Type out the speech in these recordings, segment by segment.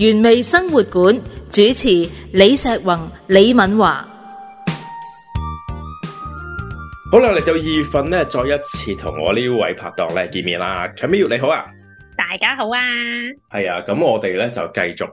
原味生活館主持李碩宏、李敏華，好啦，嚟到二月份咧，再一次同我呢位拍檔咧見面啦。Camille 你好啊，大家好啊，係啊，咁我哋咧就繼續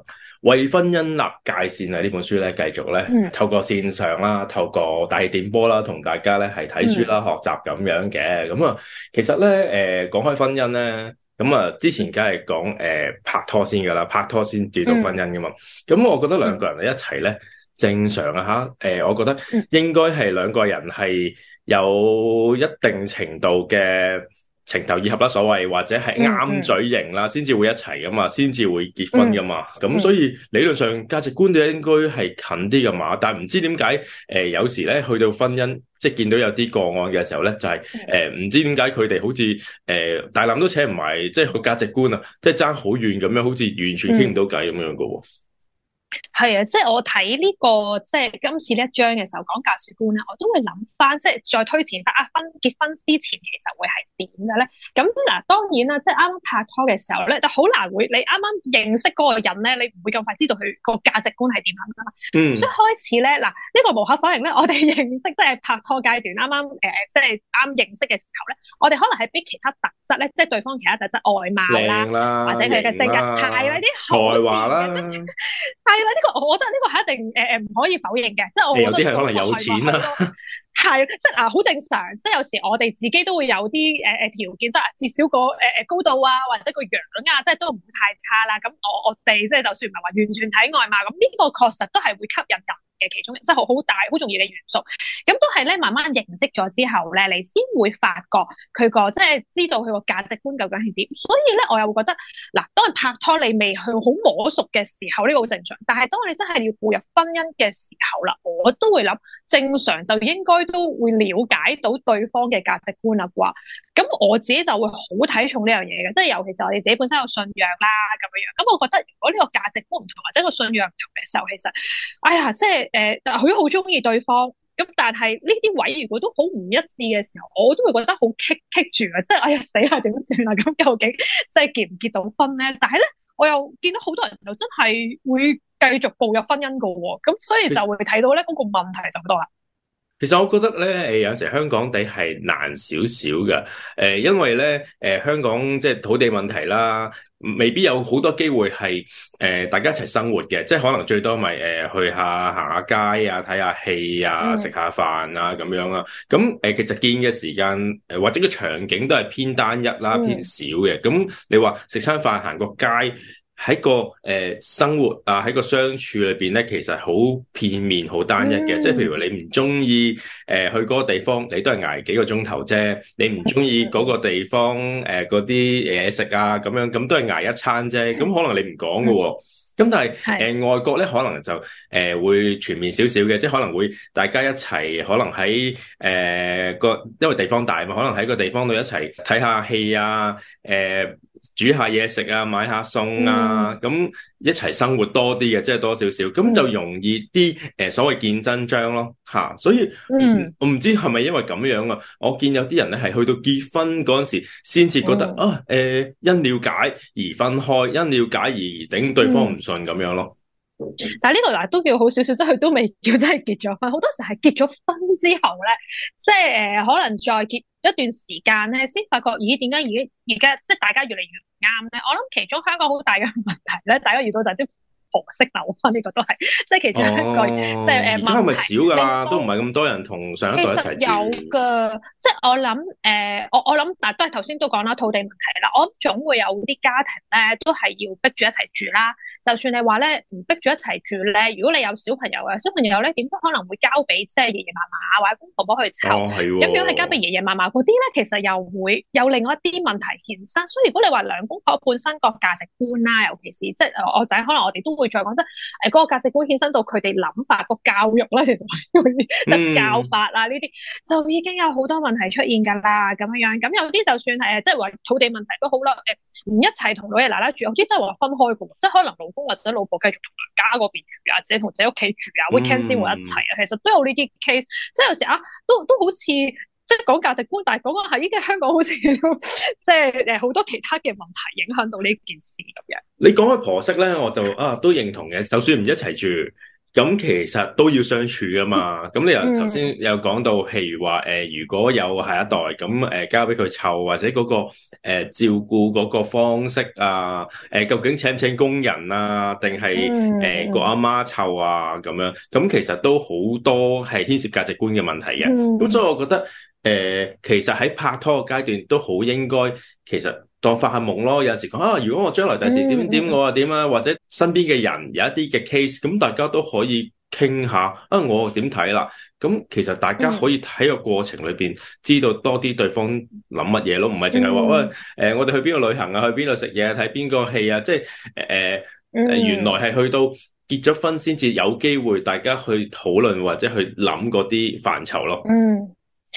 為婚姻立界線啊！呢本書咧，繼續咧、嗯、透過線上啦、啊，透過大電波啦、啊，同大家咧係睇書啦、啊、嗯、學習咁樣嘅。咁啊，其實咧，誒、呃，講開婚姻咧。咁啊，嗯、之前梗係講誒拍拖先噶啦，拍拖先至到婚姻噶嘛。咁、嗯嗯、我覺得兩個人一齊咧，正常啊吓誒、呃，我覺得應該係兩個人係有一定程度嘅。情投意合啦，所謂或者係啱嘴型啦，先至會一齊噶嘛，先至會結婚噶嘛。咁、嗯、所以理論上價值觀都應該係近啲噶嘛。但係唔知點解誒有時咧去到婚姻，即係見到有啲個案嘅時候咧，就係誒唔知點解佢哋好似誒、呃、大纜都扯唔埋，即係個價值觀啊，即係爭好遠咁樣，好似完全傾唔到偈咁樣噶喎。嗯係啊，即係我睇呢、這個即係今次呢一章嘅時候講價值觀咧，我都會諗翻，即係再推前翻啊婚結婚之前其實會係點嘅咧？咁嗱，當然啦，即係啱啱拍拖嘅時候咧，就好難會你啱啱認識嗰個人咧，你唔會咁快知道佢個價值觀係點樣啦。嗯、所以開始咧嗱，呢、這個無可否認咧，我哋認識即係拍拖階段啱啱誒，即係啱認識嘅時候咧，我哋可能係俾其他特質咧，即係對方其他特質外貌啦，或者佢嘅性格太。啲才華啦， 呢、呢個我覺得呢個係一定誒誒唔可以否認嘅，即係我覺得。你啲係咪有錢啊？係，即係嗱，好正常。即係有時我哋自己都會有啲誒誒條件，即係至少、個誒誒、呃、高度啊，或者個樣啊，即係都唔會太差啦。咁我我哋即係就算唔係話完全睇外貌，咁呢個確實都係會吸引人。嘅其中，即係好好大、好重要嘅元素。咁都係咧，慢慢認識咗之後咧，你先會發覺佢個即係知道佢個價值觀究竟係點。所以咧，我又會覺得嗱，當你拍拖你未去好摸熟嘅時候，呢個好正常。但係當你真係要步入婚姻嘅時候啦，我都會諗正常就應該都會了解到對方嘅價值觀啦啩。咁我自己就會好睇重呢樣嘢嘅，即係尤其是我哋自己本身有信仰啦咁樣樣。咁我覺得如果呢個價值觀唔同或者個信仰唔同嘅時候，其實哎呀，即係～誒，但係佢好中意對方，咁但係呢啲位如果都好唔一致嘅時候，我都會覺得好棘棘住啊！即係哎呀死啦，點算啊？咁究竟即係結唔結到婚咧？但係咧，我又見到好多人又真係會繼續步入婚姻噶喎、哦，咁所以就會睇到咧嗰、那個問題就咁多啦。其實我覺得咧，誒有陣時香港地係難少少嘅，誒、呃、因為咧，誒、呃、香港即係土地問題啦，未必有好多機會係，誒、呃、大家一齊生活嘅，即係可能最多咪、就、誒、是呃、去下行下街啊，睇下戲啊，食下飯啊咁樣啊，咁誒、嗯呃、其實見嘅時間，誒或者個場景都係偏單一啦，偏少嘅，咁、嗯、你話食餐飯行個街。喺個誒、呃、生活啊，喺個相處裏邊咧，其實好片面、好單一嘅。嗯、即係譬如你唔中意誒去嗰個地方，你都係挨幾個鐘頭啫。你唔中意嗰個地方誒嗰啲嘢食啊，咁樣咁都係挨一餐啫。咁可能你唔講嘅，咁、嗯、但係誒是的、呃、外國咧，可能就誒、呃、會全面少少嘅，即係可能會大家一齊，可能喺誒個因為地方大嘛，可能喺個地方度一齊睇下戲啊，誒、呃。呃煮下嘢食啊，買下餸啊，咁、嗯、一齊生活多啲嘅，即係多少少，咁、嗯、就容易啲誒、呃，所謂見真章咯，吓、啊，所以、嗯嗯、我唔知係咪因為咁樣啊？我見有啲人咧係去到結婚嗰陣時，先至覺得、嗯、啊，誒、呃，因了解而分開，因了解而頂對方唔順咁樣咯。嗯嗯、但係呢度嗱都叫好少少，即係佢都未叫真係結咗婚。好多時係結咗婚之後咧，即係誒、呃，可能再結。一段時間咧，先發覺咦？點解而家而家即係大家越嚟越唔啱咧？我諗其中香港好大嘅問題咧，大家遇到就係啲。紅色樓翻呢個都係，即係其中一句，即係誒，係咪少噶啦？都唔係咁多人同上一代一齊住。哦嗯、其實有噶，即係我諗誒、呃，我我諗嗱，都係頭先都講啦，土地問題啦，我諗總會有啲家庭咧，都係要逼住一齊住啦。就算你話咧唔逼住一齊住咧，如果你有小朋友呀小朋友咧，點都可能會交俾即係爺爺嫲嫲或者公婆婆去湊。咁如果你交俾爺爺嫲嫲嗰啲咧，其實又會有另外一啲問題衍生。所以如果你話兩公婆本身個價值觀啦，尤其是即係我仔可能我哋都。會再講得，誒、呃，嗰、那個價值觀衍生到佢哋諗法，個教育咧，其實就教法啦，呢啲就已經有好多問題出現噶啦，咁樣樣，咁有啲就算係誒，即係話土地問題都好啦，誒、呃，唔一齊同老爺奶奶住，好似即係話分開嘅，即係可能老公或者老婆繼續同娘家嗰邊住啊，或者同自己屋企住啊，weekend 先會一齊啊，其實都有呢啲 case，即係有時啊，都都好似。即係講價值觀，但係講個係，依家香港好似即係誒，好多其他嘅問題影響到呢件事咁樣。你講開婆媳咧，我就啊都認同嘅。就算唔一齊住，咁其實都要相處㗎嘛。咁、嗯、你又頭先有講到，譬如話誒、呃，如果有下一代，咁誒、呃、交俾佢湊，或者嗰、嗰個誒、呃、照顧嗰個方式啊，誒、呃、究竟請唔請工人啊，定係誒個阿媽湊啊咁樣？咁其實都好多係牽涉價值觀嘅問題嘅。咁所以我覺得。嗯誒，其實喺拍拖嘅階段都好應該，其實當發下夢咯。有陣時講啊，如果我將來第時點點我啊點啊，嗯、或者身邊嘅人有一啲嘅 case，咁大家都可以傾下啊，我點睇啦？咁其實大家可以喺個過程裏邊知道多啲對方諗乜嘢咯，唔係淨係話喂，誒、呃，我哋去邊度旅行啊，去邊度食嘢，睇邊個戲啊，即係誒誒，呃嗯嗯、原來係去到結咗婚先至有機會大家去討論或者去諗嗰啲範疇咯。嗯。嗯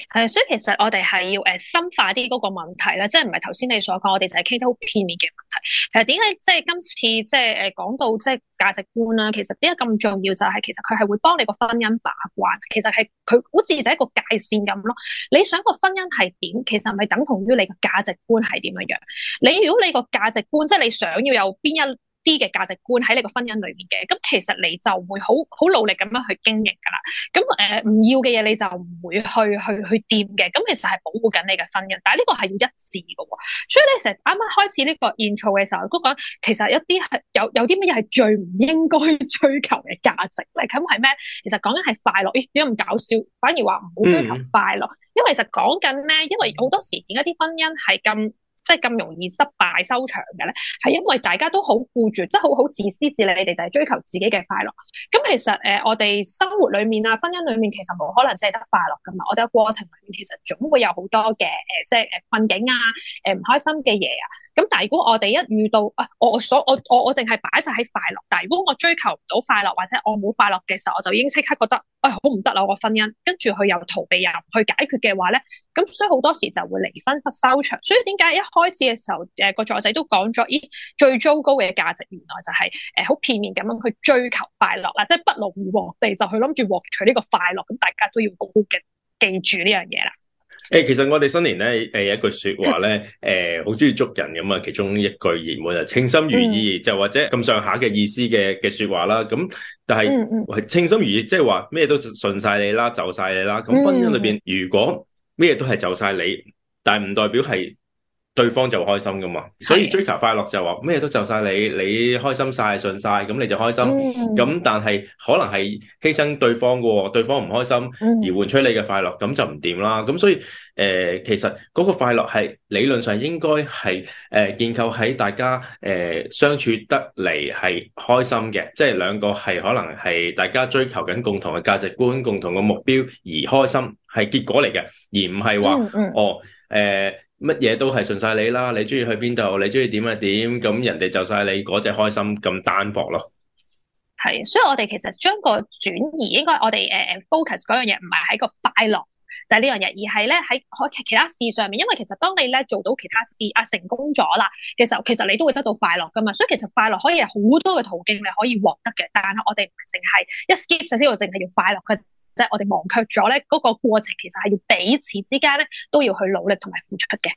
係、嗯，所以其實我哋係要誒、呃、深化啲嗰個問題咧，即係唔係頭先你所講，我哋就係傾得好片面嘅問題。其實點解即係今次即係誒講到即係價值觀啦、啊，其實點解咁重要就係、是、其實佢係會幫你個婚姻把關，其實係佢好似就係一個界線咁咯。你想個婚姻係點，其實咪等同於你個價值觀係點樣樣。你如果你個價值觀即係你想要有邊一？啲嘅價值觀喺你個婚姻裏面嘅，咁其實你就會好好努力咁樣去經營噶啦。咁誒唔要嘅嘢你就唔會去去去掂嘅。咁其實係保護緊你嘅婚姻，但係呢個係要一致嘅喎。所以你成日啱啱開始呢個 intro 嘅時候，都講其實一啲係有有啲乜嘢係最唔應該追求嘅價值。你睇下係咩？其實講緊係快樂，咦點解咁搞笑？反而話唔好追求快樂，嗯、因為其實講緊咧，因為好多時點解啲婚姻係咁。即係咁容易失敗收場嘅咧，係因為大家都好顧住，即係好好自私自利，你哋就係追求自己嘅快樂。咁、嗯、其實誒、呃，我哋生活裡面啊，婚姻裡面其實冇可能淨係得快樂噶嘛。我哋個過程裡面其實總會有好多嘅誒、呃，即係誒困境啊，誒、呃、唔開心嘅嘢啊。咁但係如果我哋一遇到啊，我所我我我淨係擺晒喺快樂，但係如果我追求唔到快樂或者我冇快樂嘅時候，我就已經即刻覺得。誒，好唔得啦，我個婚姻，跟住佢又逃避入去解決嘅話咧，咁所以好多時就會離婚不收場。所以點解一開始嘅時候，誒、呃、個助仔都講咗，咦最糟糕嘅價值，原來就係誒好片面咁樣去追求快樂啦，即係不勞而獲地就去諗住獲取呢個快樂，咁大家都要好記記住呢樣嘢啦。誒，hey, 其實我哋新年咧，誒、呃，有一句說話咧，誒、呃，好中意捉人咁啊！其中一句言門 就稱心 如意，就或者咁上下嘅意思嘅嘅說話啦。咁但係稱心如意，即係話咩都順晒你啦，就晒你啦。咁婚姻裏邊，如果咩都係就晒你，但係唔代表係。對方就會開心噶嘛，所以追求快樂就話咩都就晒你，你開心晒，信晒，咁你就開心。咁但係可能係犧牲對方噶、哦，對方唔開心而換取你嘅快樂，咁就唔掂啦。咁所以誒、呃，其實嗰個快樂係理論上應該係誒建構喺大家誒、呃、相處得嚟係開心嘅，即係兩個係可能係大家追求緊共同嘅價值觀、共同嘅目標而開心，係結果嚟嘅，而唔係話哦誒。呃乜嘢都係順晒你啦，你中意去邊度，你中意點就點，咁人哋就晒你嗰隻開心咁單薄咯。係，所以我哋其實將個轉移應該我哋誒 focus 嗰樣嘢唔係喺個快樂就係呢樣嘢，而係咧喺其他事上面。因為其實當你咧做到其他事啊成功咗啦嘅時候，其實你都會得到快樂噶嘛。所以其實快樂可以有好多嘅途徑，你可以獲得嘅，但係我哋唔係淨係一 skip 就先係淨係要快樂嘅。我哋忘卻咗咧，嗰、嗰個過程其實係要彼此之間咧都要去努力同埋付出嘅。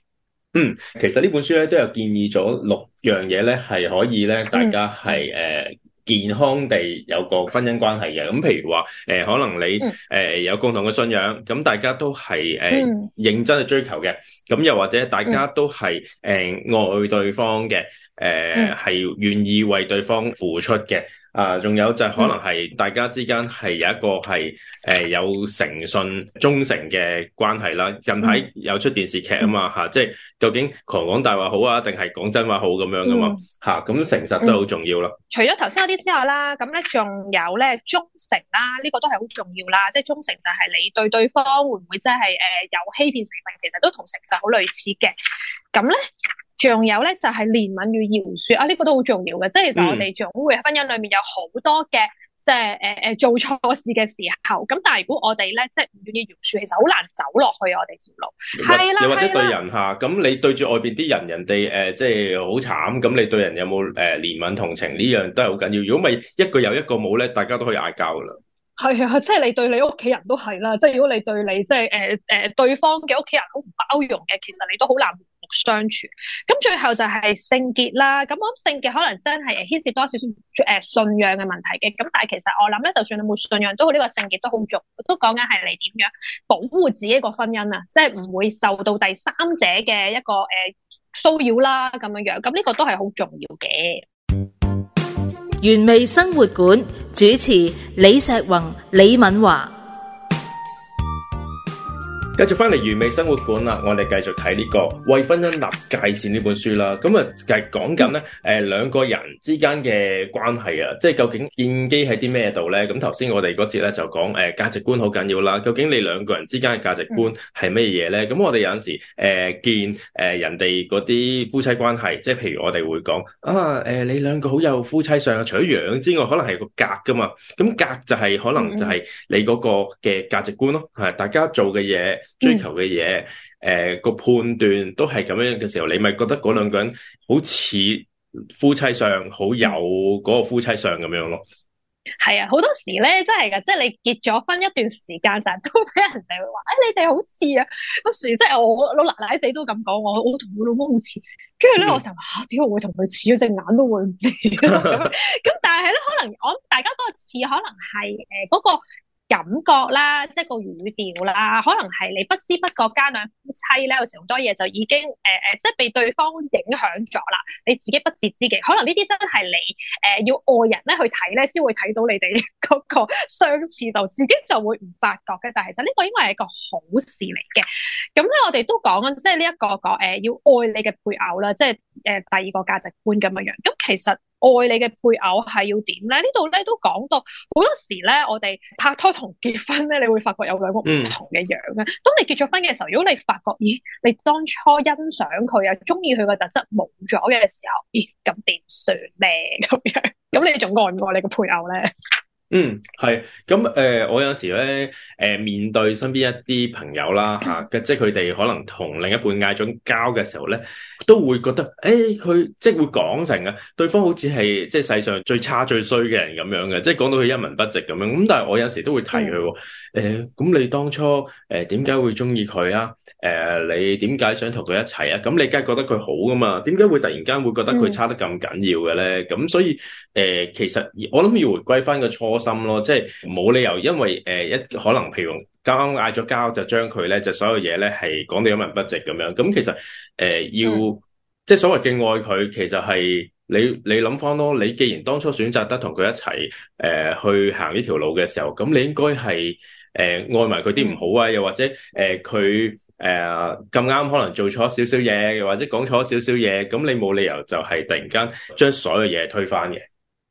嗯，其實呢本書咧都有建議咗六樣嘢咧，係可以咧大家係誒、嗯呃、健康地有個婚姻關係嘅。咁、呃、譬如話誒、呃，可能你誒、呃、有共同嘅信仰，咁、呃、大家都係誒、呃、認真去追求嘅。咁、呃、又或者大家都係誒、呃、愛對方嘅，誒係願意為對方付出嘅。啊，仲有就可能係大家之間係有一個係誒、呃、有誠信、忠誠嘅關係啦。近排有出電視劇啊嘛，吓、啊，即係究竟狂講大話好啊，定係講真話好咁、啊嗯啊、樣噶嘛？吓，咁誠實都好重要咯。除咗頭先嗰啲之外啦，咁咧仲有咧忠誠啦，呢個都係好重要啦。即係、嗯嗯、忠誠、這個、就係、是、你對對方會唔會即係誒有欺騙成分，其實都同誠實好類似嘅。咁咧？仲有咧就係憐憫與饒恕啊呢個都好重要嘅，即係其實我哋總會喺婚姻裏面有好多嘅，即係誒誒做錯事嘅時候。咁但係如果我哋咧即係唔願意饒恕，其實好難走落去我哋條路。係啦或，的或者對人吓，咁的你對住外邊啲人，人哋誒、呃、即係好慘，咁你對人有冇誒憐憫同情呢樣都係好緊要。如果咪一個有一個冇咧，大家都可以嗌交噶啦。係啊，即係你對你屋企人都係啦。即係如果你對你即係誒誒對方嘅屋企人好唔包容嘅，其實你都好難。相處，咁最後就係聖潔啦。咁我諗聖潔可能真係牽涉多少少誒信仰嘅問題嘅。咁但係其實我諗咧，就算你冇信仰，都呢個聖潔都好重要，都講緊係你點樣保護自己個婚姻啊，即係唔會受到第三者嘅一個誒騷擾啦咁樣樣。咁呢個都係好重要嘅。原味生活館主持李碩宏、李敏華。繼續翻嚟完美生活館啦，我哋繼續睇呢、這個為婚姻立界線呢本書啦。咁啊，繼續講緊咧，誒，兩個人之間嘅關係啊，即係究竟建基喺啲咩度咧？咁頭先我哋嗰節咧就講，誒、呃，價值觀好緊要啦。究竟你兩個人之間嘅價值觀係咩嘢咧？咁我哋有陣時，誒、呃，見誒、呃、人哋嗰啲夫妻關係，即係譬如我哋會講啊，誒、呃，你兩個好有夫妻相，啊，除咗樣之外，可能係個格噶嘛。咁格就係、是、可能就係你嗰個嘅價值觀咯，係大家做嘅嘢。追求嘅嘢，誒、呃、個判斷都係咁樣嘅時候，你咪覺得嗰兩個人好似夫妻相，好有嗰個夫妻相咁樣咯。係啊，好多時咧真係噶，即係你結咗婚一段時間就都俾人哋話，誒、哎、你哋好似啊，咁所以即係我,我老奶奶死都咁講，我我同我老公好似。跟住咧，我成日話點解我會同佢似？咗隻眼都會唔知、啊？」咁但係咧，可能我大家嗰個似，可能係誒嗰個。感覺啦，即係個語調啦，可能係你不知不覺，間兩夫妻咧，有時好多嘢，就已經誒誒、呃，即係被對方影響咗啦。你自己不自知嘅，可能呢啲真係你誒、呃、要愛人咧去睇咧，先會睇到你哋嗰、那個相似度，自己就會唔發覺嘅。但係就呢個，應該係一個好事嚟嘅。咁咧，我哋都講緊即係呢一個講誒、呃、要愛你嘅配偶啦，即係誒、呃、第二個價值觀咁樣樣。咁其實。愛你嘅配偶係要點咧？呢度咧都講到好多時咧，我哋拍拖同結婚咧，你會發覺有兩個唔同嘅樣嘅。嗯、當你結咗婚嘅時候，如果你發覺，咦，你當初欣賞佢啊，中意佢嘅特質冇咗嘅時候，咦，咁點算咧？咁樣，咁你仲愛唔愛你嘅配偶咧？ 嗯，係，咁誒、呃，我有時咧，誒、呃，面對身邊一啲朋友啦，吓、 啊，即係佢哋可能同另一半嗌咗交嘅時候咧，都會覺得，誒、欸，佢即係會講成啊，對方好似係即係世上最差最衰嘅人咁樣嘅，即係講到佢一文不值咁樣。咁但係我有時都會提佢、哦，誒、嗯，咁、欸、你當初誒點解會中意佢啊？誒、呃，你點解想同佢一齊啊？咁你梗係覺得佢好噶嘛？點解會突然間會覺得佢差得咁緊要嘅咧？咁、嗯、所以，誒、呃，其實我諗要回歸翻個初心咯，即係冇理由，因為誒一、呃、可能譬如剛啱嗌咗交就將佢咧，就所有嘢咧係講到一文不值咁樣。咁其實誒、呃、要即係所謂嘅愛佢，其實係你你諗返咯。你既然當初選擇得同佢一齊誒、呃、去行呢條路嘅時候，咁你應該係誒、呃、愛埋佢啲唔好啊，又、嗯、或者誒佢誒咁啱可能做錯少少嘢，又或者講錯少少嘢，咁你冇理由就係突然間將所有嘢推翻嘅。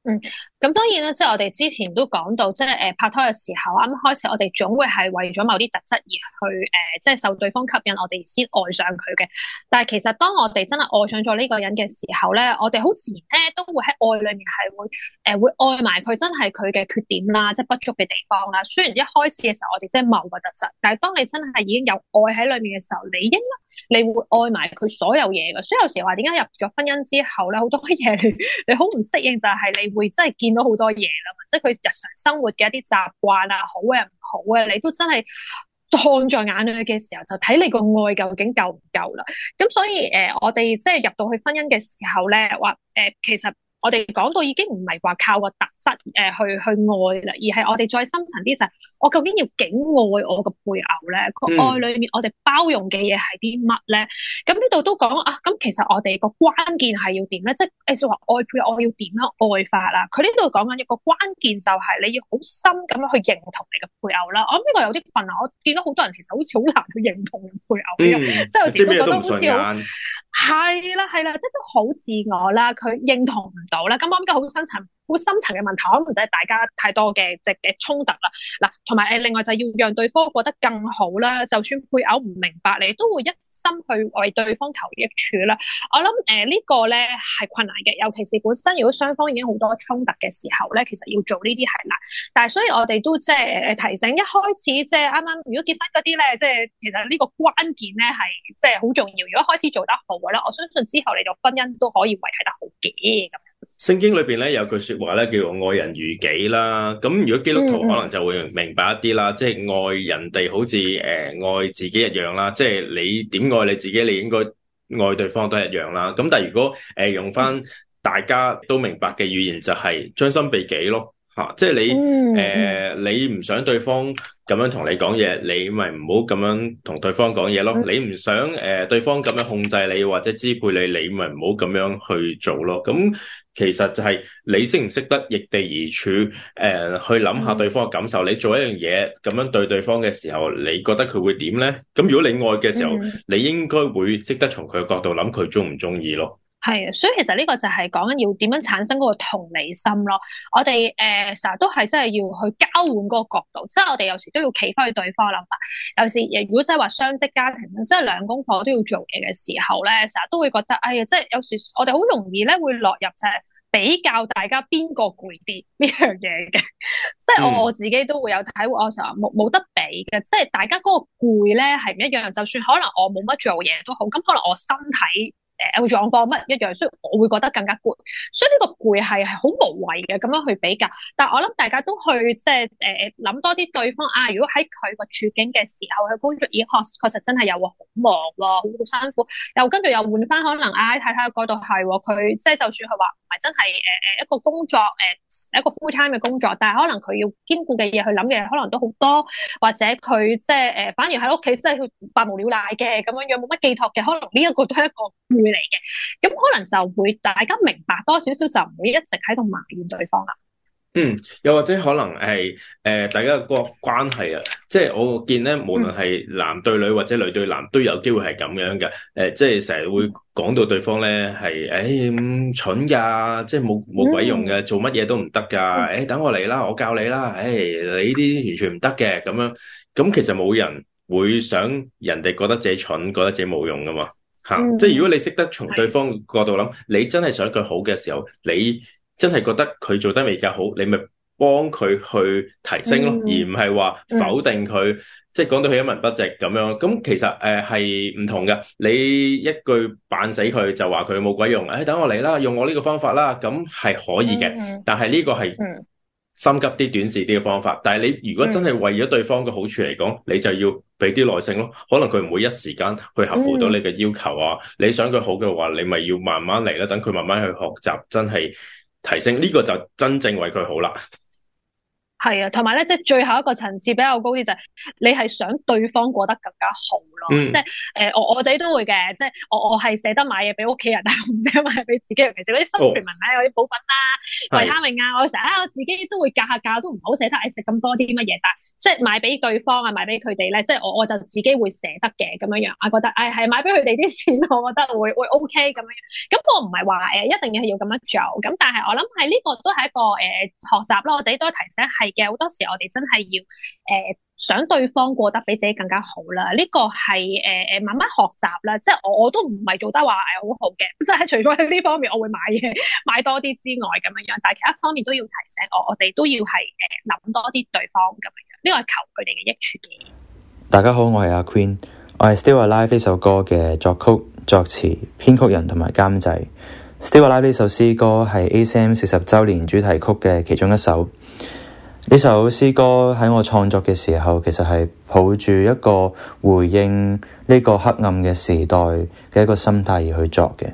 嗯，咁、嗯、當然啦，即係我哋之前都講到，即係誒、呃、拍拖嘅時候，啱開始我哋總會係為咗某啲特質而去誒、呃，即係受對方吸引，我哋先愛上佢嘅。但係其實當我哋真係愛上咗呢個人嘅時候咧，我哋好自然咧都會喺愛裏面係會誒、呃、會愛埋佢，真係佢嘅缺點啦，即係不足嘅地方啦。雖然一開始嘅時候我哋即係某個特質，但係當你真係已經有愛喺裏面嘅時候，你應該。你會愛埋佢所有嘢噶，所以有時話點解入咗婚姻之後咧，好多嘢你你好唔適應就係你會真係見到好多嘢啦，即係佢日常生活嘅一啲習慣啊，好嘅，啊，唔好嘅，啊，你都真係看在眼裏嘅時候，就睇你個愛究竟夠唔夠啦。咁所以誒、呃，我哋即係入到去婚姻嘅時候咧，話誒、呃，其實。我哋講到已經唔係話靠個特質誒去去愛啦，而係我哋再深層啲就係我究竟要幾愛我個配偶咧？愛裡面我哋包容嘅嘢係啲乜咧？咁呢度都講啊，咁其實我哋個關鍵係要點咧？即係誒，即係話愛配偶，我要點樣愛法啦？佢呢度講緊一個關鍵就係你要好深咁樣去認同你嘅配偶啦。我諗呢個有啲困難，我見到好多人其實好似好難去認同配偶，即係有時都覺得好似好。嗯係啦，係啦，即係都好自我啦，佢認同唔到啦，咁我點解好新層？好深層嘅問題，可能就係大家太多嘅即嘅衝突啦。嗱，同埋誒，另外就係要讓對方過得更好啦。就算配偶唔明白你，都會一心去為對方求益處啦。我諗誒、呃這個、呢個咧係困難嘅，尤其是本身如果雙方已經好多衝突嘅時候咧，其實要做呢啲係難。但係所以我哋都即係誒提醒，一開始即係啱啱如果結婚嗰啲咧，即、呃、係其實呢個關鍵咧係即係好重要。如果開始做得好嘅咧，我相信之後你就婚姻都可以維繫得好嘅咁。聖經裏邊咧有句說話咧，叫做愛人如己啦。咁如果基督徒可能就會明白一啲啦，嗯、即係愛人哋好似誒愛自己一樣啦。即係你點愛你自己，你應該愛對方都係一樣啦。咁但係如果誒用翻大家都明白嘅語言，就係將心比己咯。吓、啊，即係你誒、嗯呃，你唔想對方咁樣同你講嘢，你咪唔好咁樣同對方講嘢咯。嗯、你唔想誒、呃，對方咁樣控制你或者支配你，你咪唔好咁樣去做咯。咁、嗯、其實就係你識唔識得易地而處？誒、呃，去諗下對方嘅感受。嗯、你做一樣嘢咁樣對對方嘅時候，你覺得佢會點咧？咁如果你愛嘅時候，嗯、你應該會識得從佢嘅角度諗，佢中唔中意咯？係啊，所以其實呢個就係講緊要點樣產生嗰個同理心咯。我哋誒，成日都係真係要去交換嗰個角度，即係我哋有時都要企翻去對方諗法。有時，如果真係話雙職家庭，即係兩公婆都要做嘢嘅時候咧，成日都會覺得，哎呀，即係有時我哋好容易咧會落入就係比較大家邊個攰啲呢樣嘢嘅。 即係我、嗯、我自己都會有體會，我成日冇冇得比嘅，即係大家嗰個攰咧係唔一樣。就算可能我冇乜做嘢都好，咁可能我身體。誒個狀況乜一樣，所以我會覺得更加攰，所以呢個攰係係好無謂嘅咁樣去比較。但係我諗大家都去即係誒諗多啲對方啊。如果喺佢個處境嘅時候，去工作已學，確實真係又會好忙咯，啊，好辛苦。又跟住又換翻可能啊睇睇嗰度係喎，佢、啊、即係就算佢話唔係真係誒誒一個工作誒、呃、一個 full time 嘅工作，但係可能佢要兼顧嘅嘢去諗嘅可能都好多，或者佢即係誒、呃、反而喺屋企真係百無聊賴嘅咁樣樣，冇乜寄託嘅，可能呢一個都係一個嚟嘅，咁可能就會大家明白多少少，就唔會一直喺度埋怨對方啦。嗯，又或者可能係誒、呃，大家個關係啊，即係我見咧，無論係男對女或者女對男，都有機會係咁樣嘅。誒、呃，即係成日會講到對方咧，係誒咁蠢噶，即係冇冇鬼用嘅，做乜嘢都唔得噶。誒、哎，等我嚟啦，我教你啦。誒、哎，你呢啲完全唔得嘅。咁樣咁其實冇人會想人哋覺得自己蠢，覺得自己冇用噶嘛。吓、啊，即係如果你識得從對方角度諗，嗯、你真係想佢好嘅時候，你真係覺得佢做得未夠好，你咪幫佢去提升咯，嗯、而唔係話否定佢，嗯、即係講到佢一文不值咁樣。咁其實誒係唔同嘅，你一句扮死佢就話佢冇鬼用，誒、哎、等我嚟啦，用我呢個方法啦，咁係可以嘅，嗯嗯、但係呢個係。嗯心急啲、短視啲嘅方法，但係你如果真係為咗對方嘅好處嚟講，你就要俾啲耐性咯。可能佢唔會一時間去合乎到你嘅要求。啊。嗯、你想佢好嘅話，你咪要慢慢嚟啦，等佢慢慢去學習，真係提升呢、呢個就真正為佢好啦。係啊，同埋咧，即係最後一個層次比較高啲就係你係想對方過得更加好咯、嗯呃，即係誒，我我自己都會嘅，即係我我係捨得買嘢俾屋企人，但係我唔捨得買俾自己尤其係。嗰啲新全文啊，嗰啲補品啦、啊、維他命啊，我成日啊，我自己都會格下價，都唔好捨得誒食咁多啲乜嘢。但係即係買俾對方啊，買俾佢哋咧，即係我我就自己會捨得嘅咁樣樣啊，我覺得誒係、哎、買俾佢哋啲錢，我覺得會會 OK 咁樣。咁我唔係話誒一定要係要咁樣做，咁但係我諗係呢個都係一個誒學習咯。我自己都提醒係。嘅，好多時我，我哋真係要誒想對方過得比自己更加好啦。呢、呢個係誒誒慢慢學習啦，即係我我都唔係做得話係好好嘅，即係除咗喺呢方面我會買嘢買多啲之外，咁樣樣，但係其他方面都要提醒我、呃，我哋都要係誒諗多啲對方咁樣。呢個係求佢哋嘅益處嘅。大家好，我係阿 Queen，我係 Still Alive 呢首歌嘅作曲、作詞、編曲人同埋監製。Still Alive 呢首詩歌係 ACM 四十周年主題曲嘅其中一首。呢首詩歌喺我創作嘅時候，其實係抱住一個回應呢個黑暗嘅時代嘅一個心態而去作嘅。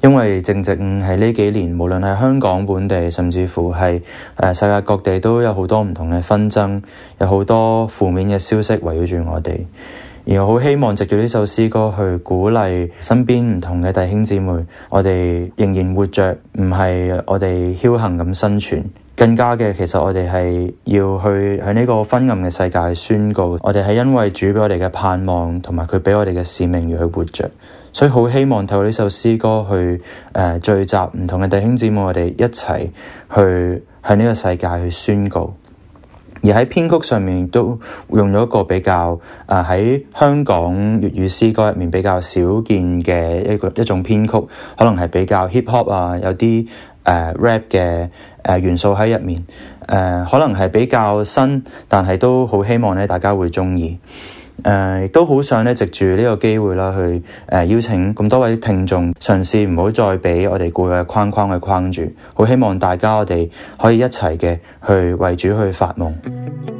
因為正正係呢幾年，無論係香港本地，甚至乎係誒世界各地，都有好多唔同嘅紛爭，有好多負面嘅消息圍繞住我哋。然後好希望藉住呢首詩歌去鼓勵身邊唔同嘅弟兄姊妹，我哋仍然活着，唔係我哋僥倖咁生存。更加嘅，其實我哋係要去喺呢個昏暗嘅世界宣告，我哋係因為主俾我哋嘅盼望，同埋佢俾我哋嘅使命而去活着，所以好希望透過呢首詩,詩歌去誒、呃、聚集唔同嘅弟兄姊妹，我哋一齊去向呢個世界去宣告。而喺編曲上面都用咗一個比較誒喺、呃、香港粵語詩歌入面比較少見嘅一個一種編曲，可能係比較 hip hop 啊，有啲。誒、uh, rap 嘅誒元素喺入面，誒、uh，可能係比較新，但係都好希望咧大家會中意，誒、uh，亦都好想咧藉住呢個機會啦，去、uh，誒邀請咁多位聽眾，嘗試唔好再俾我哋固嘅框框去框住，好希望大家我哋可以一齊嘅去為主去發夢。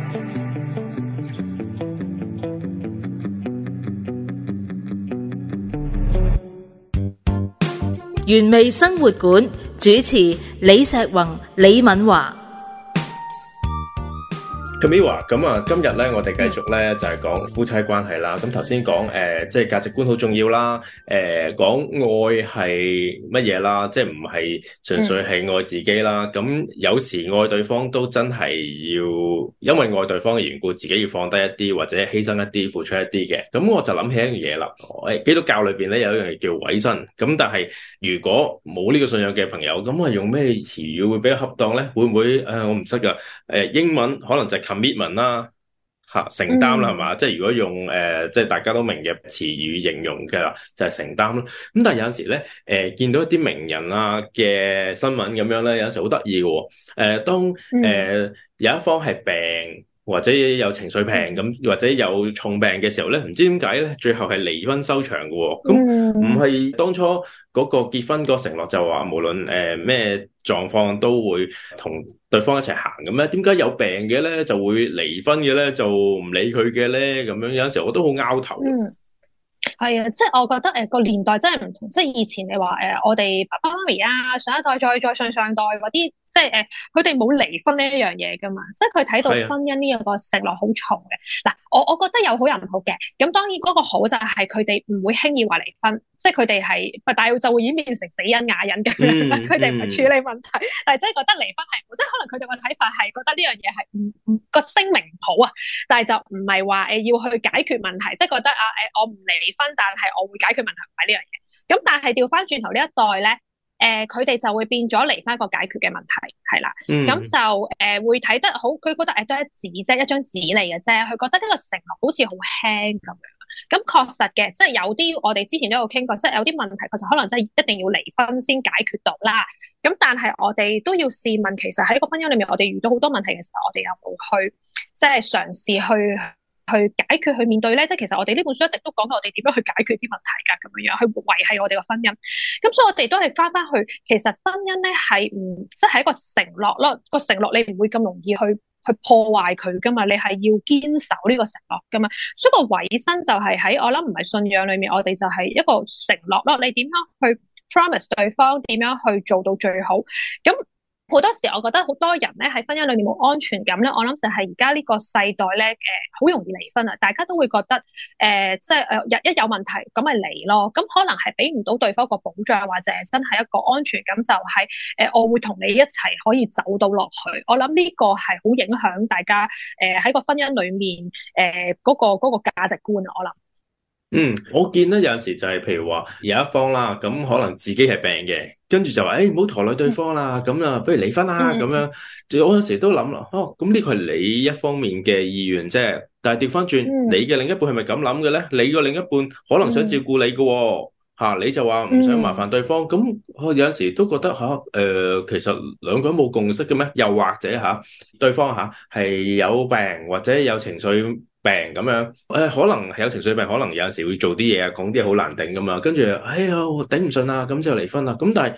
原味生活館主持李碩宏、李敏華。咁啊，今日咧，我哋繼續咧就係講夫妻關係啦。咁頭先講誒，即係價值觀好重要啦。誒、呃，講愛係乜嘢啦？即係唔係純粹係愛自己啦？咁、嗯、有時愛對方都真係要，因為愛對方嘅緣故，自己要放低一啲，或者犧牲一啲，付出一啲嘅。咁我就諗起一樣嘢啦。誒，基督教裏邊咧有一樣嘢叫委身。咁但係如果冇呢個信仰嘅朋友，咁我用咩詞語會比較恰當咧？會唔會誒？我唔識㗎。誒、呃，英文可能就係、是。commitment 啦嚇，承擔啦係嘛？嗯、即係如果用誒、呃，即係大家都明嘅詞語形容嘅啦，就係、是、承擔啦。咁但係有陣時咧，誒、呃、見到一啲名人啊嘅新聞咁樣咧，有陣時好得意嘅喎。誒、呃，當、呃、有一方係病。或者有情緒病咁，或者有重病嘅時候咧，唔知點解咧，最後係離婚收場嘅。咁唔係當初嗰個結婚個承諾就話，無論誒咩狀況都會同對方一齊行咁咧，點解有病嘅咧就會離婚嘅咧，就唔理佢嘅咧咁樣？有陣時我都好拗頭。嗯，係啊，即係我覺得誒個年代真係唔同，即係以前你話誒我哋爸爸媽咪啊上一代再再上上代嗰啲。即係誒，佢哋冇離婚呢一樣嘢噶嘛，即係佢睇到婚姻呢樣個承諾好重嘅。嗱的，我我覺得有好有唔好嘅，咁當然嗰個好就係佢哋唔會輕易話離婚，即係佢哋係，但就會演變成死忍啞忍咁樣，佢哋唔處理問題，嗯、但係真係覺得離婚係、嗯、好，即係可能佢哋個睇法係覺得呢樣嘢係唔唔個聲明唔好啊，但係就唔係話誒要去解決問題，即係覺得啊，誒、欸、我唔離婚，但係我會解決問題，唔係呢樣嘢。咁但係調翻轉頭呢一代咧。誒佢哋就會變咗嚟翻一個解決嘅問題，係啦，咁、嗯、就誒、呃、會睇得好，佢覺得誒都係紙，即係一張紙嚟嘅啫，佢覺得呢個承諾好似好輕咁樣。咁確實嘅，即係有啲我哋之前都有傾過，即係有啲問題確實可能真係一定要離婚先解決到啦。咁但係我哋都要試問，其實喺個婚姻裡面，我哋遇到好多問題嘅時候，我哋有冇去即係嘗試去？去解決，去面對咧，即係其實我哋呢本書一直都講到我哋點樣去解決啲問題㗎，咁樣樣去維係我哋個婚姻。咁所以，我哋都係翻翻去，其實婚姻咧係唔即係一個承諾咯。個承諾你唔會咁容易去去破壞佢㗎嘛，你係要堅守呢個承諾㗎嘛。所以個維生就係喺我諗唔係信仰裏面，我哋就係一個承諾咯。你點樣去 promise 對方？點樣去做到最好？咁。好多時，我覺得好多人咧喺婚姻裏面冇安全感咧。我諗就係而家呢個世代咧，誒、呃、好容易離婚啊！大家都會覺得誒、呃，即係誒日一有問題咁咪離咯。咁可能係俾唔到對方個保障，或者真係一個安全感，就係、是、誒、呃、我會同你一齊可以走到落去。我諗呢個係好影響大家誒喺、呃、個婚姻裏面誒嗰、呃那個嗰、那個、價值觀啊！我諗嗯，我見咧有時就係、是、譬如話有一方啦，咁可能自己係病嘅。跟住就話，誒、欸，唔好拖累對方啦，咁啦、嗯，不如離婚啦，咁、嗯、樣。我有陣時都諗啦，哦，咁呢個係你一方面嘅意願啫。但係調翻轉，嗯、你嘅另一半係咪咁諗嘅咧？你嘅另一半可能想照顧你嘅、哦，吓、嗯啊、你就話唔想麻煩對方。咁、嗯、我有陣時都覺得，吓、啊，誒、呃，其實兩個人冇共識嘅咩？又或者吓、啊，對方吓係、啊、有病或者有情緒。病咁樣，誒、哎，可能係有情緒病，可能有陣時會做啲嘢啊，講啲嘢好難頂噶嘛，跟住，哎呀，我頂唔順啦，咁就離婚啦。咁但係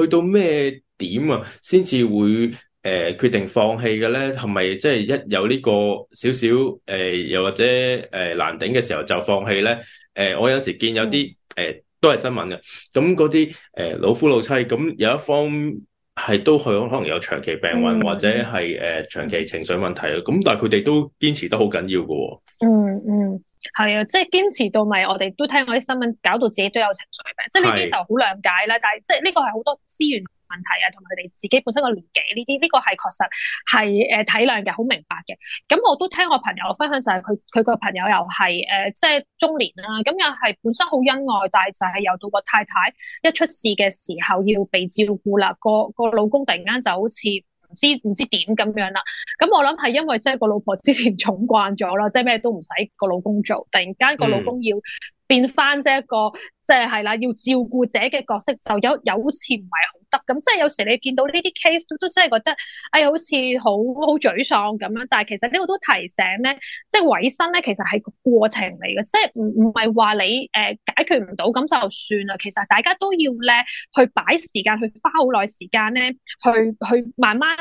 去到咩點啊，先至會誒、呃、決定放棄嘅咧？係咪即係一有呢個少少誒，又或者誒、呃、難頂嘅時候就放棄咧？誒、呃，我有時見有啲誒、呃、都係新聞嘅，咁嗰啲誒老夫老妻，咁有一方。係都可能可能有長期病患或者係誒、呃、長期情緒問題啊。咁但係佢哋都堅持得好緊要㗎喎、哦嗯。嗯嗯，係啊，即係堅持到咪我哋都聽過啲新聞，搞到自己都有情緒病，即係呢啲就好諒解啦。但係即係呢個係好多資源問題啊，同埋佢哋自己本身個年紀呢啲呢個係確實係誒體諒嘅，好明白嘅。咁我都聽我朋友分享就係佢佢個朋友又係誒即係中年啦，咁又係本身好恩愛，但係就係由到個太太一出事嘅時候要被照顧啦。個個老公突然間就好似唔知唔知點咁樣啦。咁我諗係因為即係個老婆之前寵慣咗啦，即係咩都唔使個老公做，突然間個老公要變翻即係一個即係係啦，要照顧者嘅角色，就有有好似唔係。咁、嗯，即係有時你見到呢啲 case 都真係覺得，哎，好似好好沮喪咁樣。但係其實呢個都提醒咧，即係委身咧，其實係個過程嚟嘅，即係唔唔係話你誒、呃、解決唔到咁就算啦。其實大家都要咧去擺時間，去花好耐時間咧，去去慢慢。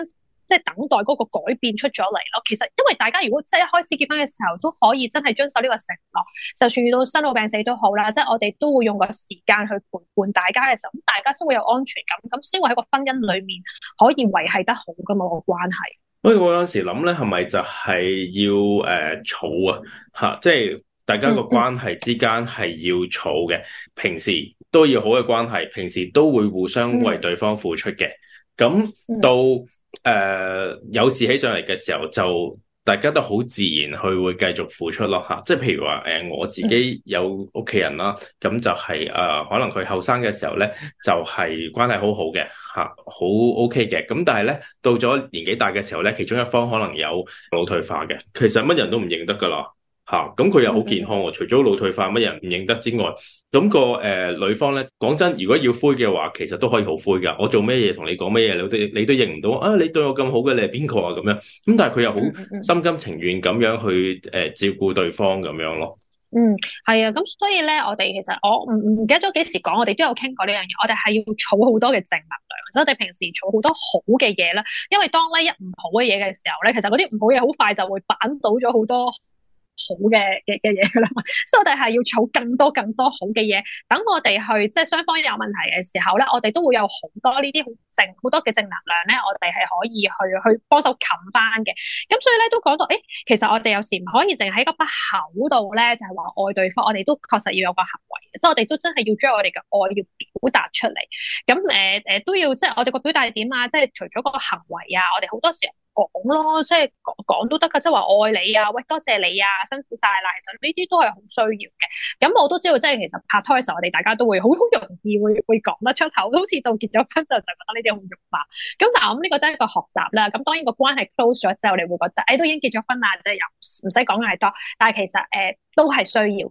即係等待嗰個改變出咗嚟咯。其實因為大家如果即係一開始結婚嘅時候都可以真係遵守呢個承諾，就算遇到生老病死都好啦。即係我哋都會用個時間去陪伴大家嘅時候，咁大家先會有安全感，咁先會喺個婚姻裏面可以維繫得好噶嘛個關係。所以我當時諗咧，係咪就係要誒儲啊吓、啊？即係大家個關係之間係要儲嘅，平時都要好嘅關係，平時都會互相為對方付出嘅。咁、嗯、到誒，uh, 有事起上嚟嘅時候，就大家都好自然去會繼續付出咯吓、啊，即係譬如話誒、呃，我自己有屋企人啦，咁、啊、就係、是、誒、啊，可能佢後生嘅時候咧，就係、是、關係好好嘅吓，好、啊、OK 嘅，咁、啊、但係咧到咗年紀大嘅時候咧，其中一方可能有腦退化嘅，其實乜人都唔認得噶啦。吓，咁佢、啊、又好健康，嗯、除咗腦退化乜人唔認得之外，咁、那個誒、呃、女方咧，講真，如果要灰嘅話，其實都可以好灰噶。我做咩嘢同你講咩嘢，你都你都認唔到啊！你對我咁好嘅，你係邊個啊？咁樣，咁但係佢又好心甘情願咁樣去誒、呃、照顧對方咁樣咯。嗯，係啊，咁所以咧，我哋其實我唔唔記得咗幾時講，我哋都有傾過呢樣嘢。我哋係要儲好多嘅正能量，即係我哋平時儲好多好嘅嘢啦。因為當咧一唔好嘅嘢嘅時候咧，其實嗰啲唔好嘢好快就會板倒咗好多。好嘅嘅嘅嘢啦， 所以我哋係要儲更多更多好嘅嘢，等我哋去即係雙方有問題嘅時候咧，我哋都會有好多呢啲好正好多嘅正能量咧，我哋係可以去去幫手冚返嘅。咁所以咧都講到，誒、欸，其實我哋有時唔可以淨係喺個口度咧，就係、是、話愛對方，我哋都確實要有個行為，即、就、係、是、我哋都真係要將我哋嘅愛要表達出嚟。咁誒誒都要即係我哋個表達點啊，即係除咗個行為啊，我哋好多時候。講咯，即係講講都得噶，即係話愛你啊，喂，多謝你啊，辛苦晒啦，其實呢啲都係好需要嘅。咁我都知道，即係其實拍拖嘅時候，我哋大家都會好好容易會會講得出口，好似到結咗婚之後就就覺得呢啲好肉麻。咁但係我呢個都係一個學習啦。咁當然個關係 close 咗之後，你會覺得，哎、欸，都已經結咗婚啦，即係又唔使講太多。但係其實誒、呃、都係需要。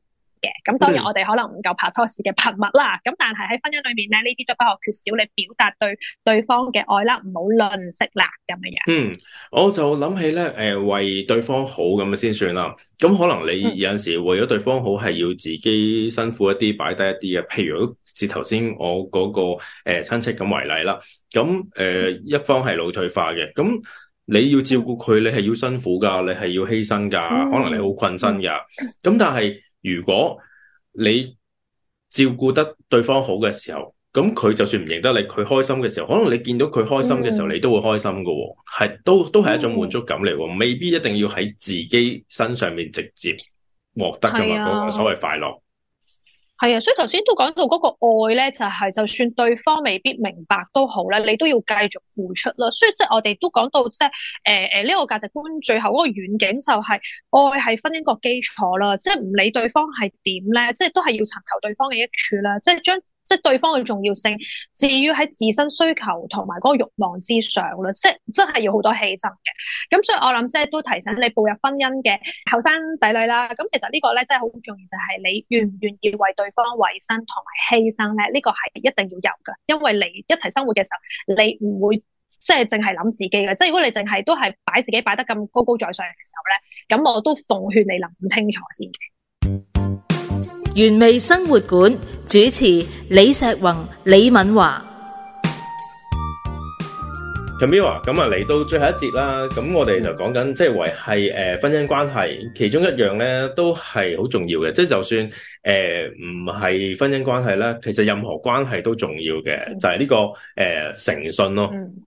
咁當然我哋可能唔夠拍拖時嘅頻密啦，咁但係喺婚姻裏面咧，呢啲都不可缺少你表達對對方嘅愛啦，唔好吝嗇啦，咁樣。嗯，我就諗起咧，誒、呃，為對方好咁啊先算啦。咁可能你、嗯、有陣時為咗對方好，係要自己辛苦一啲，擺低一啲嘅。譬如、那個，好似頭先我嗰個誒親戚咁為例啦，咁誒、呃嗯、一方係腦退化嘅，咁你要照顧佢，你係要辛苦噶，你係要犧牲噶，嗯、可能你好困身噶，咁但係。如果你照顧得對方好嘅時候，咁佢就算唔認得你，佢開心嘅時候，可能你見到佢開心嘅時候，嗯、你都會開心㗎喎、哦，都都係一種滿足感嚟喎，未必一定要喺自己身上面直接獲得㗎嘛，嗰個、啊、所謂快樂。係啊，所以頭先都講到嗰個愛咧，就係、是、就算對方未必明白都好咧，你都要繼續付出啦。所以即係我哋都講到即係誒誒，呢、呃這個價值觀最後嗰個遠景就係愛係婚姻個基礎啦，即係唔理對方係點咧，即係都係要尋求對方嘅益處啦，即係將。即係對方嘅重要性，至於喺自身需求同埋嗰個慾望之上咧，即係真係要好多犧牲嘅。咁所以我諗，即係都提醒你步入婚姻嘅後生仔女啦。咁其實個呢個咧真係好重要，就係、是、你願唔願意為對方犧牲同埋犧牲咧？呢、這個係一定要有㗎，因為你一齊生活嘅時候，你唔會即係淨係諗自己嘅。即係如果你淨係都係擺自己擺得咁高高在上嘅時候咧，咁我都奉勸你諗清楚先。原味生活館主持李碩宏、李敏華，陳妙華，咁啊，嚟到最後一節啦。咁我哋就講緊即係維係誒婚姻關係，其中一樣咧都係好重要嘅。即係就算誒唔係婚姻關係啦，其實任何關係都重要嘅，就係呢個誒誠信咯。嗯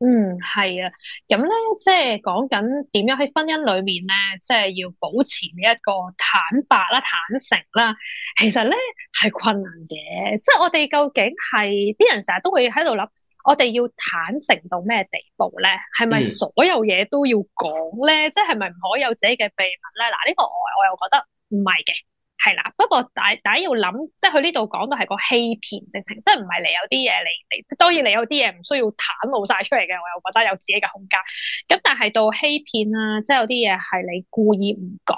嗯，係啊，咁咧即係講緊點樣喺婚姻裏面咧，即係要保持呢一個坦白啦、坦誠啦，其實咧係困難嘅，即係我哋究竟係啲人成日都會喺度諗，我哋要坦誠到咩地步咧？係咪所有嘢都要講咧？即係咪唔可以有自己嘅秘密咧？嗱，呢個我我又覺得唔係嘅。.係啦，不過大大家要諗，即係佢呢度講到係個欺騙直情，即係唔係你有啲嘢你，你，當然你有啲嘢唔需要坦露晒出嚟嘅，我又覺得有自己嘅空間。咁但係到欺騙啊，即係有啲嘢係你故意唔講，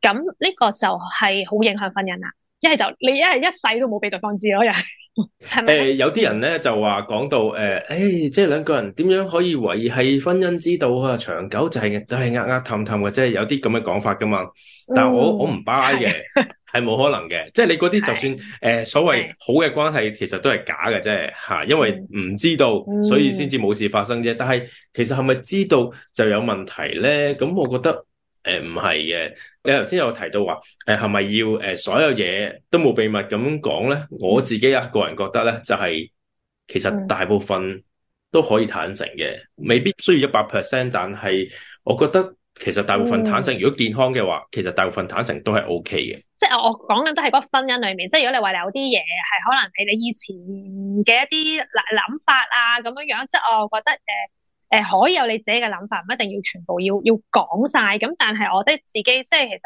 咁呢個就係好影響婚姻啦。一係就你一係一世都冇俾對方知咯，又 係咪、呃，有啲人咧就話講到誒，誒、呃哎、即係兩個人點樣可以維係婚姻之道啊？長久就係、是、都係呃呃氹氹或者係有啲咁嘅講法噶嘛。但係我、嗯、我唔 buy 嘅，係冇 可能嘅。即係你嗰啲就算誒、 呃、所謂好嘅關係，其實都係假嘅啫嚇，因為唔知道，嗯、所以先至冇事發生啫。但係其實係咪知道就有問題咧？咁我覺得。誒，唔係嘅。你頭先有提到話，誒、呃，係咪要誒、呃、所有嘢都冇秘密咁講咧？嗯、我自己一個人覺得咧，就係、是、其實大部分都可以坦誠嘅，未必需要一百 percent。但係我覺得其實大部分坦誠，嗯、如果健康嘅話，其實大部分坦誠都係 O K 嘅。即係我我講嘅都係嗰個婚姻裏面。即係如果你話有啲嘢係可能係你以前嘅一啲諗諗法啊咁樣樣，即係我覺得誒。呃誒、呃、可以有你自己嘅諗法，唔一定要全部要要講晒。咁但係我覺得自己即係其實誒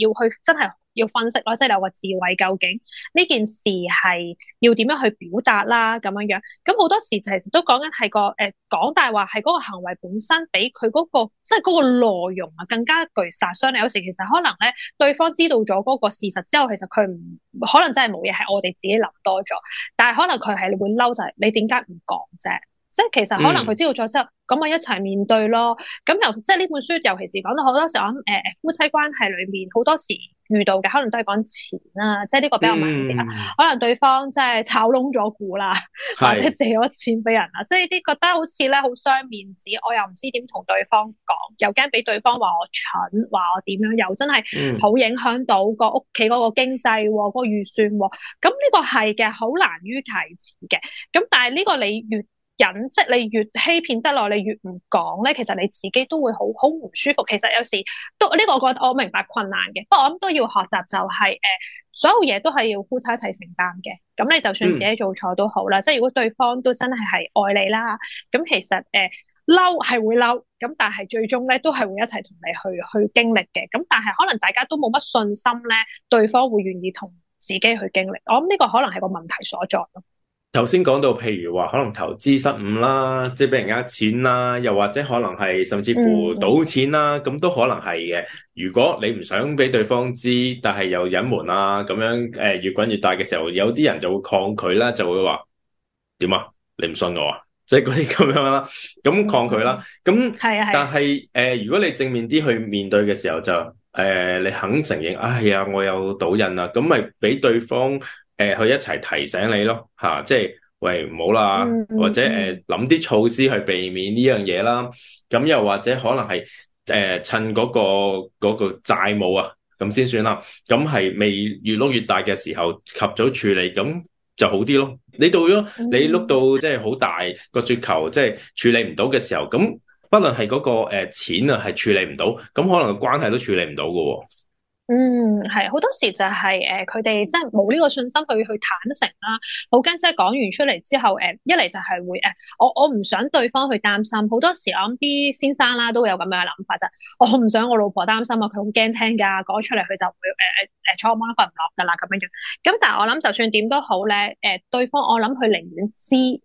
要去真係要分析咯，即係有個智慧究竟呢件事係要點樣去表達啦咁樣樣。咁、嗯、好多時其實、就是、都講緊係個誒講大話，係、呃、嗰個行為本身比佢嗰、那個即係嗰個內容啊更加具殺傷力。有時其實可能咧，對方知道咗嗰個事實之後，其實佢唔可能真係冇嘢，係我哋自己諗多咗。但係可能佢係會嬲就係、是、你點解唔講啫？即係其實可能佢知道咗之後，咁咪、嗯、一齊面對咯。咁由即係呢本書，尤其是講到好多時候，我諗、呃、夫妻關係裏面好多時遇到嘅，可能都係講錢啊，即係呢個比較敏感。嗯、可能對方即係炒窿咗股啦，或者借咗錢俾人啦，是即係啲覺得好似咧好傷面子，我又唔知點同對方講，又驚俾對方話我蠢，話我點樣，又真係好影響到、嗯、個屋企嗰個經濟喎，個預算喎。咁呢個係嘅，好難於提前嘅。咁但係呢個你越人，即係，你越欺騙得耐，你越唔講咧，其實你自己都會好好唔舒服。其實有時都呢、這個，我覺得我明白困難嘅，不過我諗都要學習就係、是、誒、呃，所有嘢都係要夫妻一齊承擔嘅。咁你就算自己做錯都好啦，嗯、即係如果對方都真係係愛你啦，咁其實誒嬲係會嬲，咁但係最終咧都係會一齊同你去去經歷嘅。咁但係可能大家都冇乜信心咧，對方會願意同自己去經歷。我諗呢個可能係個問題所在咯。頭先講到，譬如話可能投資失誤啦，即係俾人呃錢啦，又或者可能係甚至乎賭錢啦，咁、嗯、都可能係嘅。如果你唔想俾對方知，但係又隱瞞啊，咁樣誒、呃、越滾越大嘅時候，有啲人就會抗拒啦，就會話點啊？你唔信我啊？即係嗰啲咁樣啦，咁抗拒啦。咁但係誒、呃，如果你正面啲去面對嘅時候，就誒、呃、你肯承認，哎呀我有賭癮啦，咁咪俾對方。誒，佢、呃、一齊提醒你咯，吓、啊，即係喂唔好啦，嗯嗯、或者誒諗啲措施去避免呢樣嘢啦。咁、呃、又或者可能係誒、呃、趁嗰、那個嗰、那個債務啊，咁先算啦。咁係未越碌越大嘅時候及早處理，咁就好啲咯。你到咗你碌到、嗯、即係好大個雪球，即係處理唔到嘅時候，咁不論係嗰個誒、呃、錢啊，係處理唔到，咁可能關係都處理唔到噶。嗯，係好多時就係、是、誒，佢、呃、哋真係冇呢個信心去去坦誠啦，好驚即係講完出嚟之後，誒、呃、一嚟就係會誒、呃，我我唔想對方去擔心，好多時我諗啲先生啦都會有咁樣嘅諗法就，我唔想我老婆擔心啊，佢好驚聽噶，講出嚟佢就會誒誒、呃呃、坐我媽瞓唔落噶啦咁樣樣，咁但係我諗就算點都好咧，誒、呃、對方我諗佢寧願知。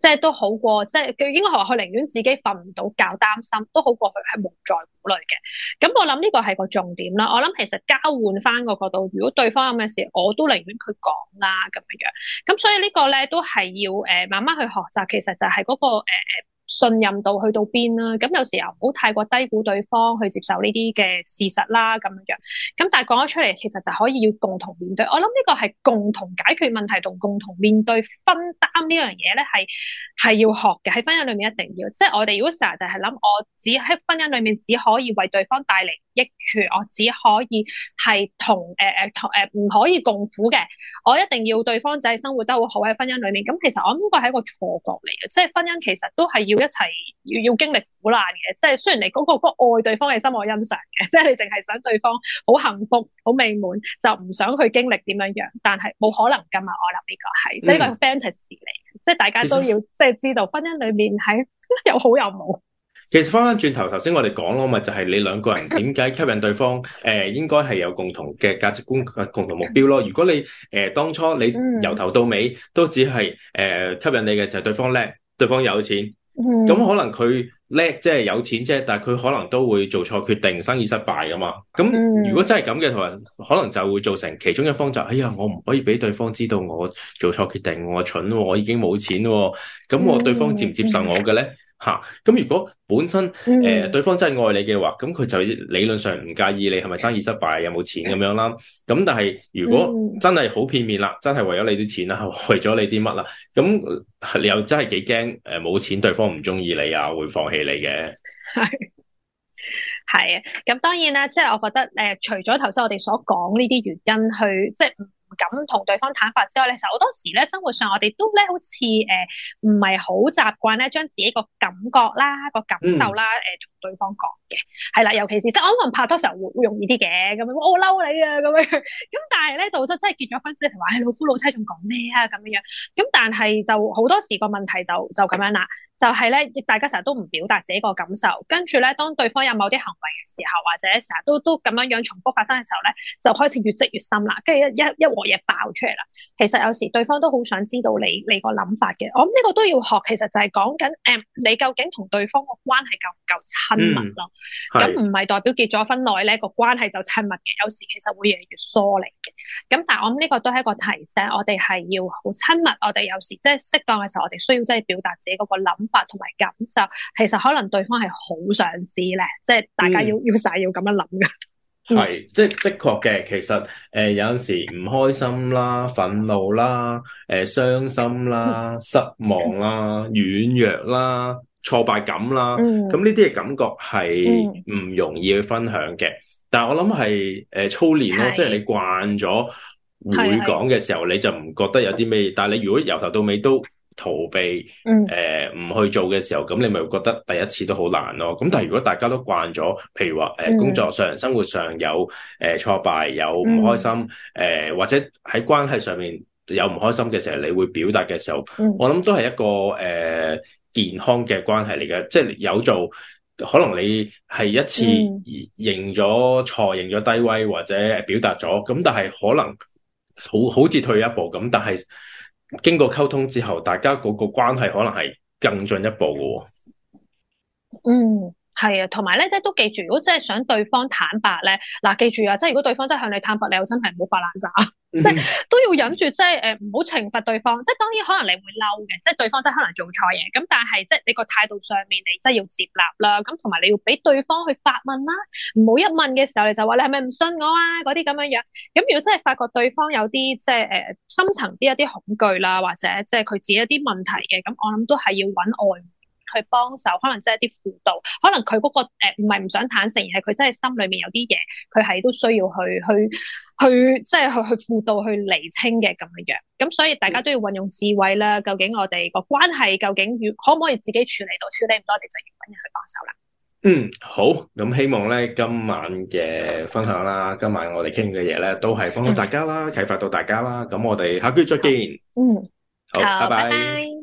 即係都好過，即係佢應該話佢寧願自己瞓唔到覺擔心，都好過佢係蒙在鼓裏嘅。咁我諗呢個係個重點啦。我諗其實交換翻個角度，如果對方有咩事，我都寧願佢講啦咁樣樣。咁所以個呢個咧都係要誒、呃、慢慢去學習，其實就係嗰、那個誒、呃信任度去到邊啦、啊，咁有時候唔好太過低估對方去接受呢啲嘅事實啦，咁樣樣。咁但係講咗出嚟，其實就可以要共同面對。我諗呢個係共同解決問題同共同面對分擔呢樣嘢咧，係係要學嘅。喺婚姻裏面一定要，即係我哋如果成日就係諗我只喺婚姻裏面只可以為對方帶嚟益處，我只可以係同誒誒、呃、同誒唔、呃呃、可以共苦嘅，我一定要對方仔生活得好喺婚姻裏面。咁其實我諗呢個係一個錯覺嚟嘅，即係婚姻其實都係要。一齊要要經歷苦難嘅，即係雖然你嗰、那個嗰、那個、愛對方嘅心我欣賞嘅，即係你淨係想對方好幸福好美滿，就唔想去經歷點樣樣，但係冇可能噶嘛，我諗呢個係呢個 fantasy 嚟，嘅，即係大家都要實即係知道婚姻裏面係有好有冇。其實翻翻轉頭，頭先我哋講咯，咪就係、是、你兩個人點解吸引對方？誒、 呃，應該係有共同嘅價值觀、共同目標咯。如果你誒、呃、當初你由頭到尾都只係誒、呃、吸引你嘅就係、是、對方叻，對方有錢。咁、嗯嗯、可能佢叻，即、就、係、是、有錢啫，但係佢可能都會做錯決定，生意失敗噶嘛。咁、嗯嗯、如果真係咁嘅，同埋可能就會造成其中一方就是，哎呀，我唔可以俾對方知道我做錯決定，我蠢、哦，我已經冇錢，咁我對方接唔接受我嘅咧？吓，咁、啊、如果本身誒、呃嗯、對方真係愛你嘅話，咁佢就理論上唔介意你係咪生意失敗、啊，有冇錢咁樣啦。咁但係如果真係好片面啦，真係為咗你啲錢啦、啊，為咗你啲乜啦，咁你又真係幾驚誒冇錢，對方唔中意你啊，會放棄你嘅。係係啊，咁當然啦，即係我覺得誒、呃，除咗頭先我哋所講呢啲原因去，去即係。咁同對方坦白之外咧，其實好多時咧，生活上我哋都咧好似誒唔係好習慣咧，將自己個感覺啦、個感受啦誒同、呃、對方講嘅，係啦，尤其是即係可能拍拖時候會會容易啲嘅，咁樣我好嬲你啊咁樣，咁但係咧就真真係結咗婚先同話，老夫老妻仲講咩啊咁樣樣，咁但係就好多時個問題就就咁樣啦。就係咧，大家成日都唔表達自己個感受，跟住咧，當對方有某啲行為嘅時候，或者成日都都咁樣樣重複發生嘅時候咧，就開始越積越深啦，跟住一一一鑊嘢爆出嚟啦。其實有時對方都好想知道你你個諗法嘅，我諗呢個都要學，其實就係講緊誒、嗯，你究竟同對方個關係夠唔夠親密咯？咁唔係代表結咗婚耐咧個關係就親密嘅，有時其實會越嚟越疏離嘅。咁但係我諗呢個都係一個提醒，我哋係要好親密，我哋有時即係適當嘅時候，我哋需要即係表達自己嗰個諗，同埋感受，其實可能對方係好想知咧，即係大家要、嗯、要晒要咁樣諗嘅。係、嗯、即係、就是、的確嘅。其實誒、呃，有陣時唔開心啦、憤怒啦、誒、呃、傷心啦、失望啦、軟弱啦、挫敗感啦，咁呢啲嘅感覺係唔容易去分享嘅。嗯、但係我諗係誒操練咯，即係是你慣咗會講嘅時候，你就唔覺得有啲咩？但係你如果由頭到尾都。逃避誒唔、嗯呃、去做嘅時候，咁你咪覺得第一次都好難咯。咁但係如果大家都慣咗，譬如話誒、呃嗯、工作上、生活上有誒、呃、挫敗、有唔開心，誒、嗯呃、或者喺關係上面有唔開心嘅時候，你會表達嘅時候，嗯、我諗都係一個誒、呃、健康嘅關係嚟嘅，即係有做，可能你係一次、嗯、認咗錯、認咗低威，或者表達咗，咁但係可能好好似退，退一步咁，但係。但經過溝通之後，大家嗰個關係可能係更進一步嘅。嗯，係啊，同埋咧，即係都記住，如果真係想對方坦白咧，嗱，啊，記住啊，即係如果對方真係向你坦白，你又真係唔好發爛渣。 即係都要忍住，即係誒唔好懲罰對方。即係當然可能你會嬲嘅，即係對方真係可能做錯嘢。咁但係即係你個態度上面，你真係要接納啦。咁同埋你要俾對方去發問啦，唔好一問嘅時候你就話你係咪唔信我啊？嗰啲咁樣樣。咁如果真係發覺對方有啲即係誒、呃、深層啲一啲恐懼啦，或者即係佢自己一啲問題嘅，咁我諗都係要揾外。去幫手，可能即係啲輔導，可能佢嗰個誒唔係唔想坦誠，而係佢真係心裏面有啲嘢，佢係都需要去去去，即係去、就是、去輔導、去釐清嘅咁樣樣。咁所以大家都要運用智慧啦。究竟我哋個關係究竟可唔可以自己處理到？處理唔到，我哋就要搵人去幫手啦。嗯，好。咁希望咧今晚嘅分享啦，嗯、今晚我哋傾嘅嘢咧都係幫到大家啦，啟、嗯、發到大家啦。咁我哋下個月再見。嗯好，好，拜拜。拜拜。